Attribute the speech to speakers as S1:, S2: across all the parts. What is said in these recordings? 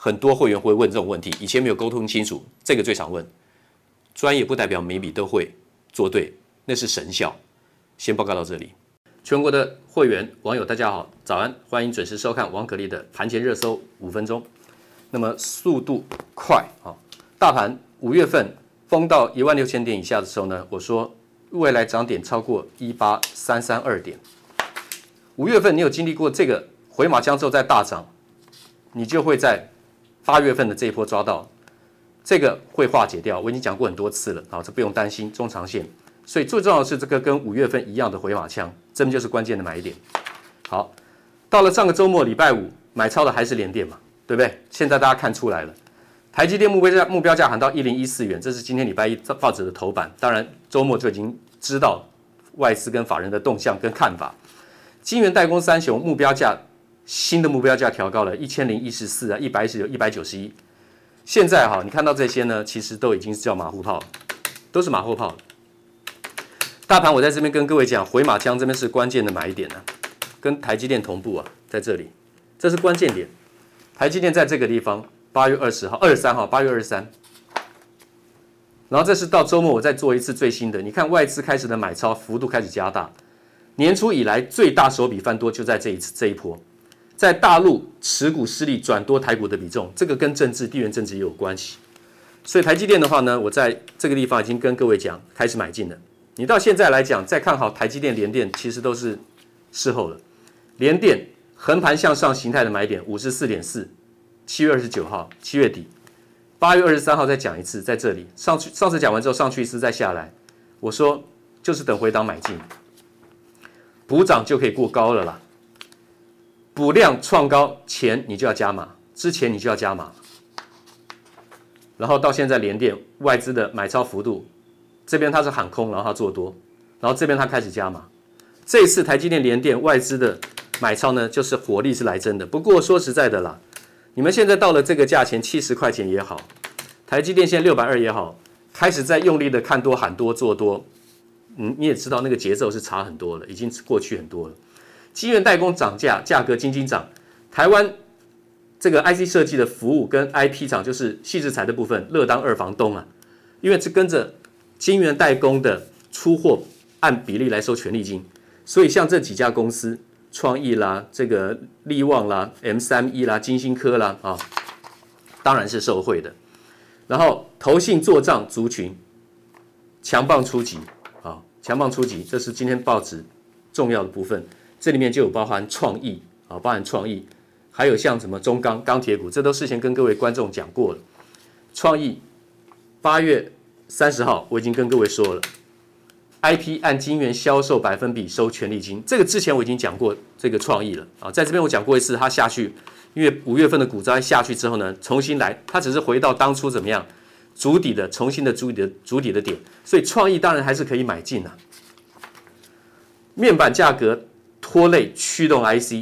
S1: 很多會員會問這種問題，以前沒有溝通清楚，這個最常問。專業不代表每筆都會做對，那是神效。先報告到這裡。全國的會員網友大家好，早安，歡迎準時收看王可立的盤前熱搜五分鐘。那麼速度快啊，大盤五月份封到一萬六千點以下的時候呢，我說未來漲點超過一八三三二點。五月份你有經歷過這個回馬槍之後再大漲，你就會在。八月份的這一波抓到，這個會化解掉。我已經講過很多次了，啊，這不用擔心中長線。所以最重要的是這個跟五月份一樣的回馬槍，這就是關鍵的買點。好，到了上個周末禮拜五，買超的還是聯電嘛，對不對？現在大家看出來了，台積電目標價目標價喊到一零一四元，這是今天禮拜一報紙的頭版。當然周末就已經知道外資跟法人的動向跟看法。晶圓代工三雄目標價。新的目標價調高了，一千零一十四啊，一百一十九，一百九十一。現在哈，你看到這些呢，其實都已經是叫馬後炮，都是馬後炮。大盤我在這邊跟各位講，回馬槍這邊是關鍵的買點呢、啊，跟台積電同步啊，在這裡，這是關鍵點。台積電在這個地方，八月二十號，二十三號，八月二十三。然後這是到周末，我再做一次最新的。你看外資開始的買超幅度開始加大，年初以來最大手筆翻多就在這一次這一波。在大陸持股失利，轉多台股的比重，這個跟政治、地緣政治也有關係。所以台積電的話呢，我在這個地方已經跟各位講，開始買進了。你到現在來講，再看好台積電、聯電，其實都是事後了。聯電橫盤向上形態的買點，五十四點四，七月二十九號，七月底，八月二十三號再講一次，在這裡上去，上次講完之後上去一次再下來，我說就是等回檔買進，補漲就可以過高了啦。補量創高前，你就要加碼；之前你就要加碼。然後到現在連電外資的買超幅度，這邊它是喊空，然後它做多，然後這邊它開始加碼。這次台積電連電外資的買超呢，就是火力是來真的。不過說實在的啦，你們現在到了這個價錢，七十塊錢也好，台積電現在六百二也好，開始在用力的看多喊多做多。嗯，你也知道那個節奏是差很多了，已經過去很多了。晶圓代工漲價，價格斤斤漲。台灣這個 IC 設計的服務跟 IP 廠，就是矽智財的部分，樂當二房東啊。因為是跟着晶圓代工的出貨，按比例來收權利金，所以像這幾家公司，創意啦、這個力旺啦、M 三 E 啦、晶心科啦啊、哦，當然是受惠的。然後投信做賬族群，強棒出擊啊，強、哦、棒出擊這是今天報紙重要的部分。這裡面就有包含創意啊，包含創意，還有像什麼中鋼鋼鐵股，這都事先跟各位觀眾講過了。創意八月三十號我已經跟各位說了，I P 按金元銷售百分比收權利金，這個之前我已經講過這個創意了啊，在這邊我講過一次，它下去，因為五月份的股災下去之後呢，重新來，它只是回到當初怎麼樣，築底的重新的築底的築底的點，所以創意當然還是可以買進的啊。面板價格。拖累驅動 IC，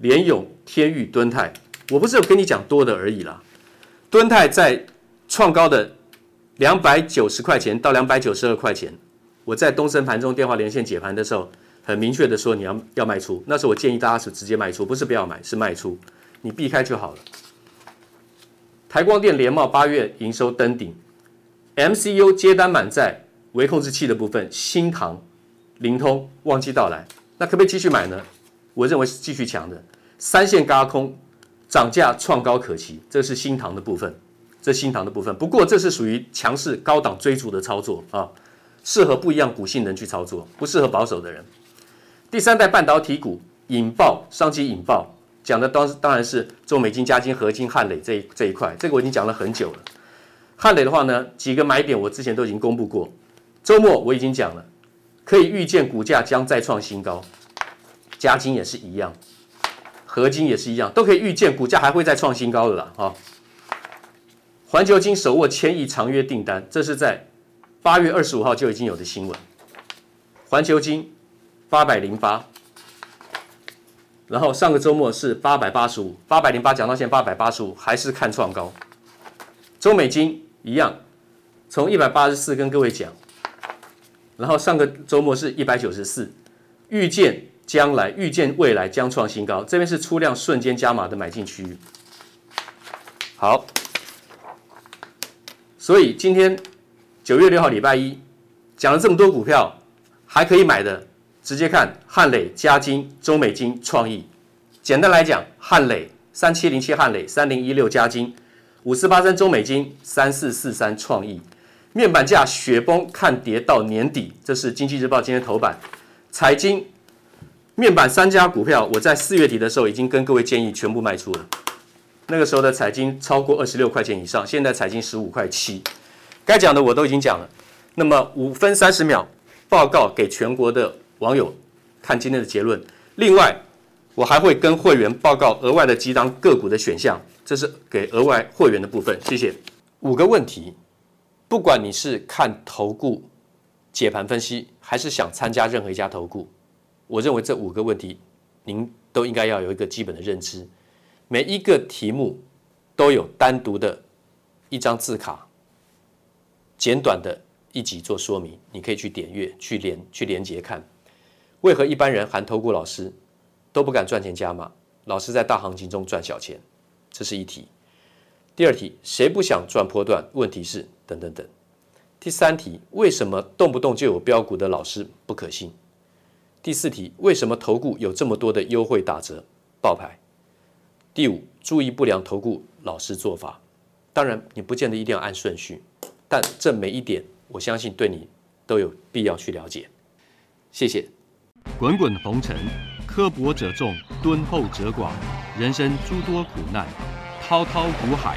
S1: 聯詠、天鈺、敦泰，我不是有跟你講多的而已啦。敦泰在創高的兩百九十塊錢到兩百九十二塊錢，我在東森盤中電話連線解盤的時候，很明確的說你要要賣出，那是我建議大家是直接賣出，不是不要買，是賣出，你避開就好了。台光電聯茂八月營收登頂，MCU 接單滿載，微控制器的部分新唐。靈通旺季到來，那可不可以繼續買呢？我認為是繼續強的。三線嘎空，漲價創高可期，這是新唐的部分。這是新唐的部分，不過這是屬於強勢高檔追逐的操作啊，適合不一樣股性人去操作，不適合保守的人。第三代半導體股引爆商機，引爆，引爆講的當當然是中美晶、嘉晶、合晶、漢磊這一這一塊。這個我已經講了很久了。漢磊的話呢，幾個買點我之前都已經公布過，周末我已經講了。可以預見股價將再創新高，嘉晶也是一樣，合晶也是一樣，都可以預見股價還會再創新高的啦。哈、哦，環球晶手握千億長約訂單，這是在八月二十五號就已經有的新聞。環球晶八百零八，然後上個週末是八百八十五，八百零八講到現在八百八十五，還是看創高。中美晶一樣，從一百八十四跟各位講，然後上個周末是一百九十四，預見將來，預見未來將創新高。這邊是出量瞬間加碼的買進區域。好，所以今天九月六號禮拜一，講了這麼多股票還可以買的，直接看漢磊、嘉晶、中美晶、創意。簡單來講，漢磊三七零七，漢磊三零一六，嘉晶五四八三，中美晶三四四三，創意。面板價雪崩看跌到年底，這是《經濟日報》今天的頭版，彩晶面板三家股票，我在四月底的時候已經跟各位建議全部賣出了，那個時候的彩晶超過二十六塊錢以上，現在彩晶十五塊七，該講的我都已經講了。那麼五分三十秒報告給全國的網友看今天的結論，另外我還會跟會員報告額外的幾張個股的選項，這是給額外會員的部分。謝謝。五個問題。不管你是看投顧解盤分析，還是想參加任何一家投顧，我認為這五個問題您都應該要有一個基本的認知。每一個題目都有單獨的一張字卡，簡短的一集做說明，你可以去點閱、去連、去連接看。為何一般人含投顧老師都不敢賺錢加碼？老師在大行情中賺小錢，這是一題。第二題，誰不想賺波段？問題是等等等。第三題，為什麼動不動就有標股的老師不可信？第四題，為什麼投顧有這麼多的優惠打折報牌？第五，注意不良投顧老師做法。當然，你不見得一定要按順序，但這每一點，我相信對你都有必要去了解。謝謝。滾滾紅塵，刻薄者眾，敦厚者寡。人生諸多苦難，滔滔苦海。